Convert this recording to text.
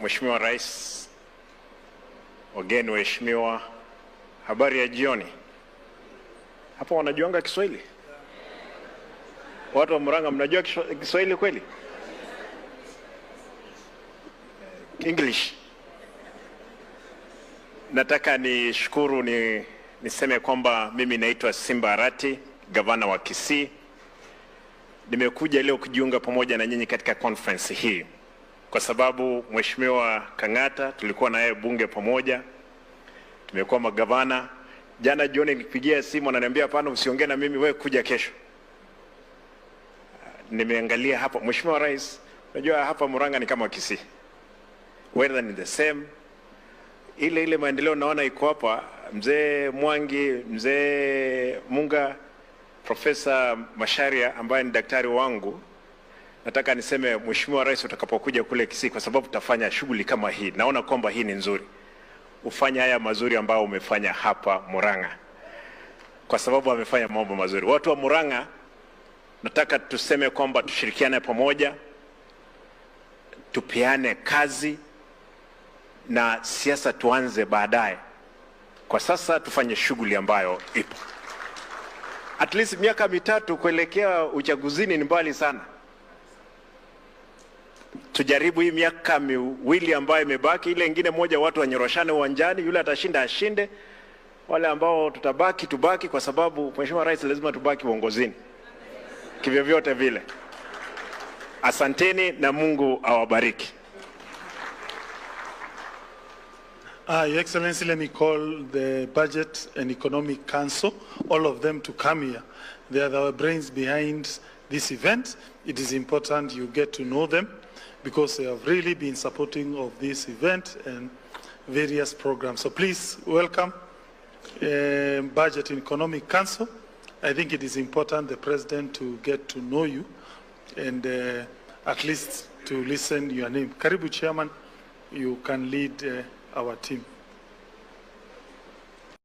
Mheshimiwa Rais, wageni waheshimiwa, habari ya jioni. Hapa wanajuanga Kiswahili? Watu wa Murang'a mnajua Kiswahili kweli? English. Nataka nishukuru ni, niseme kwamba mimi naitwa Simba Arati, gavana wa Kisii. Nimekuja leo kujiunga pamoja na nyinyi katika conference hii kwa sababu Mheshimiwa Kang'ata tulikuwa naye bunge pamoja, tumekuwa magavana. Jana jioni nikipigia simu ananiambia hapana, usiongee na mimi, wewe kuja kesho. Nimeangalia hapa, Mheshimiwa Rais, unajua hapa Murang'a ni kama Kisii, weather ni the same, ile ile maendeleo naona iko hapa. Mzee Mwangi, mzee Munga, Profesa Masharia ambaye ni daktari wangu nataka niseme Mheshimiwa Rais, utakapokuja kule Kisii, kwa sababu tutafanya shughuli kama hii, naona kwamba hii ni nzuri, ufanye haya mazuri ambayo umefanya hapa Murang'a, kwa sababu amefanya mambo mazuri. Watu wa Murang'a, nataka tuseme kwamba tushirikiane pamoja, tupeane kazi na siasa tuanze baadaye. Kwa sasa tufanye shughuli ambayo ipo. At least miaka mitatu kuelekea uchaguzini ni mbali sana tujaribu hii miaka miwili ambayo imebaki, ile ingine moja, watu wanyoroshane uwanjani, yule atashinda ashinde, wale ambao tutabaki tubaki, kwa sababu Mheshimiwa Rais lazima tubaki uongozini kivyovyote vile. Asanteni na Mungu awabariki. Uh, Your Excellency, let me call the Budget and Economic Council, all of them to come here. They are the brains behind this event. It is important you get to know them because they have really been supporting of this event and various programs. So please welcome uh, Budget and Economic Council. I think it is important the President to get to know you and uh, at least to listen your name. Karibu Chairman, you can lead uh, our team.